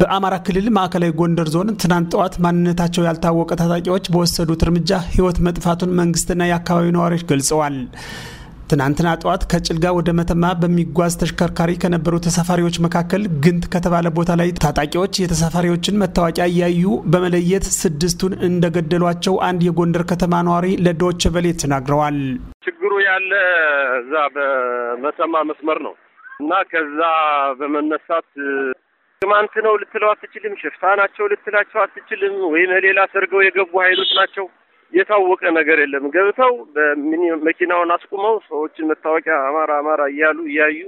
በአማራ ክልል ማዕከላዊ ጎንደር ዞን ትናንት ጠዋት ማንነታቸው ያልታወቀ ታጣቂዎች በወሰዱት እርምጃ ሕይወት መጥፋቱን መንግስትና የአካባቢው ነዋሪዎች ገልጸዋል። ትናንትና ጠዋት ከጭልጋ ወደ መተማ በሚጓዝ ተሽከርካሪ ከነበሩ ተሳፋሪዎች መካከል ግንት ከተባለ ቦታ ላይ ታጣቂዎች የተሳፋሪዎችን መታወቂያ እያዩ በመለየት ስድስቱን እንደገደሏቸው አንድ የጎንደር ከተማ ነዋሪ ለዶች ቬለ ተናግረዋል። ችግሩ ያለ እዛ በመተማ መስመር ነው እና ከዛ በመነሳት ቅማንት ነው ልትለው አትችልም። ሽፍታ ናቸው ልትላቸው አትችልም። ወይም ሌላ ሰርገው የገቡ ኃይሎች ናቸው። የታወቀ ነገር የለም። ገብተው መኪናውን አስቁመው ሰዎችን መታወቂያ አማራ አማራ እያሉ እያዩ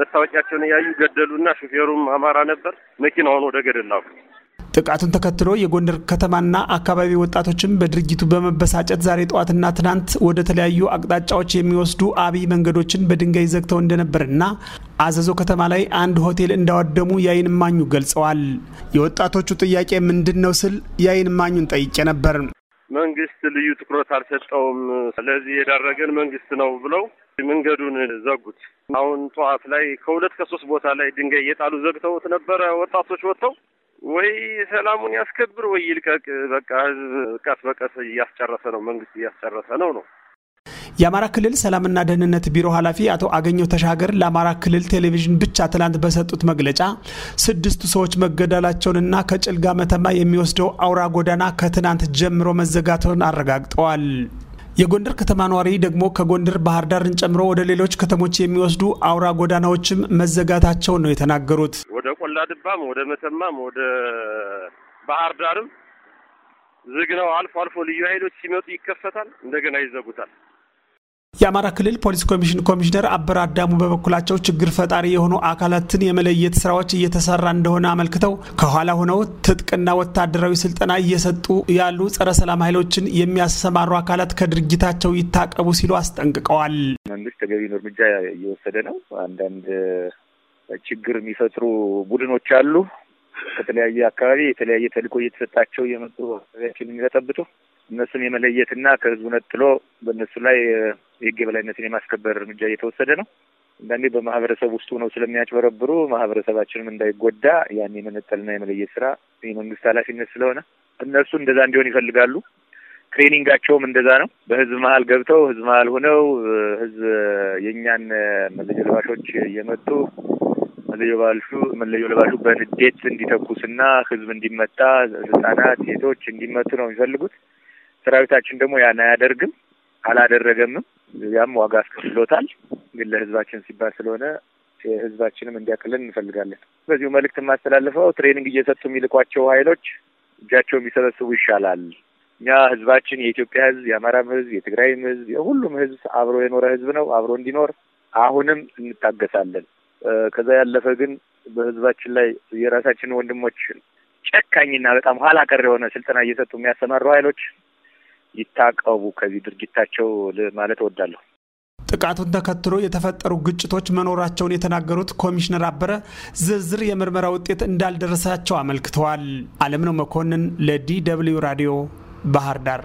መታወቂያቸውን እያዩ ገደሉና ሹፌሩም አማራ ነበር። መኪናውን ወደ ገደል ላኩ። ጥቃቱን ተከትሎ የጎንደር ከተማና አካባቢ ወጣቶችም በድርጊቱ በመበሳጨት ዛሬ ጠዋትና ትናንት ወደ ተለያዩ አቅጣጫዎች የሚወስዱ አብይ መንገዶችን በድንጋይ ዘግተው እንደነበርና አዘዞ ከተማ ላይ አንድ ሆቴል እንዳወደሙ የአይን እማኙ ገልጸዋል። የወጣቶቹ ጥያቄ ምንድን ነው ስል የዓይን እማኙን ጠይቄ ነበር። መንግስት ልዩ ትኩረት አልሰጠውም፣ ለዚህ የዳረገን መንግስት ነው ብለው መንገዱን ዘጉት። አሁን ጠዋት ላይ ከሁለት ከሶስት ቦታ ላይ ድንጋይ እየጣሉ ዘግተውት ነበረ። ወጣቶች ወጥተው ወይ ሰላሙን ያስከብር ወይ ይልቀቅ፣ በቃ ህዝብ ቀስ በቀስ እያስጨረሰ ነው መንግስት እያስጨረሰ ነው ነው የአማራ ክልል ሰላምና ደህንነት ቢሮ ኃላፊ አቶ አገኘው ተሻገር ለአማራ ክልል ቴሌቪዥን ብቻ ትላንት በሰጡት መግለጫ ስድስቱ ሰዎች መገደላቸውንና ከጭልጋ መተማ የሚወስደው አውራ ጎዳና ከትናንት ጀምሮ መዘጋቱን አረጋግጠዋል። የጎንደር ከተማ ነዋሪ ደግሞ ከጎንደር ባህር ዳርን ጨምሮ ወደ ሌሎች ከተሞች የሚወስዱ አውራ ጎዳናዎችም መዘጋታቸውን ነው የተናገሩት። ወደ ቆላ ድባም፣ ወደ መተማም፣ ወደ ባህር ዳርም ዝግ ነው። አልፎ አልፎ ልዩ ኃይሎች ሲመጡ ይከፈታል፣ እንደገና ይዘጉታል። የአማራ ክልል ፖሊስ ኮሚሽን ኮሚሽነር አበር አዳሙ በበኩላቸው ችግር ፈጣሪ የሆኑ አካላትን የመለየት ስራዎች እየተሰራ እንደሆነ አመልክተው ከኋላ ሆነው ትጥቅና ወታደራዊ ስልጠና እየሰጡ ያሉ ጸረ ሰላም ኃይሎችን የሚያሰማሩ አካላት ከድርጊታቸው ይታቀቡ ሲሉ አስጠንቅቀዋል። መንግስት ተገቢውን እርምጃ እየወሰደ ነው። አንዳንድ ችግር የሚፈጥሩ ቡድኖች አሉ። ከተለያየ አካባቢ የተለያየ ተልእኮ እየተሰጣቸው የመጡ አካባቢያችን የሚበጠብጡ እነሱን የመለየትና ከህዝቡ ነጥሎ በእነሱ ላይ የህግ የበላይነትን የማስከበር እርምጃ እየተወሰደ ነው። አንዳንዴ በማህበረሰብ ውስጥ ሆነው ስለሚያጭበረብሩ ማህበረሰባችንም እንዳይጎዳ ያን የመነጠልና የመለየት ስራ የመንግስት ኃላፊነት ስለሆነ እነሱ እንደዛ እንዲሆን ይፈልጋሉ። ትሬኒንጋቸውም እንደዛ ነው። በህዝብ መሀል ገብተው ህዝብ መሀል ሆነው ህዝብ የእኛን መለዮ ልባሾች እየመጡ መለዮ ባልሹ መለዮ ለባሹ በንዴት እንዲተኩስና ህዝብ እንዲመታ፣ ህጻናት፣ ሴቶች እንዲመቱ ነው የሚፈልጉት። ሰራዊታችን ደግሞ ያን አያደርግም፣ አላደረገምም። ያም ዋጋ አስከፍሎታል። ግን ለህዝባችን ሲባል ስለሆነ ህዝባችንም እንዲያቅልን እንፈልጋለን። በዚሁ መልእክት የማስተላልፈው ትሬኒንግ እየሰጡ የሚልኳቸው ሀይሎች እጃቸው የሚሰበስቡ ይሻላል። እኛ ህዝባችን የኢትዮጵያ ህዝብ፣ የአማራም ህዝብ፣ የትግራይም ህዝብ፣ የሁሉም ህዝብ አብሮ የኖረ ህዝብ ነው። አብሮ እንዲኖር አሁንም እንታገሳለን። ከዛ ያለፈ ግን በህዝባችን ላይ የራሳችን ወንድሞች ጨካኝና በጣም ኋላ ቀር የሆነ ስልጠና እየሰጡ የሚያሰማሩ ኃይሎች ይታቀቡ ከዚህ ድርጊታቸው ማለት እወዳለሁ። ጥቃቱን ተከትሎ የተፈጠሩ ግጭቶች መኖራቸውን የተናገሩት ኮሚሽነር አበረ ዝርዝር የምርመራ ውጤት እንዳልደረሳቸው አመልክተዋል። አለምነው መኮንን ለዲ ደብልዩ ራዲዮ ባህር ዳር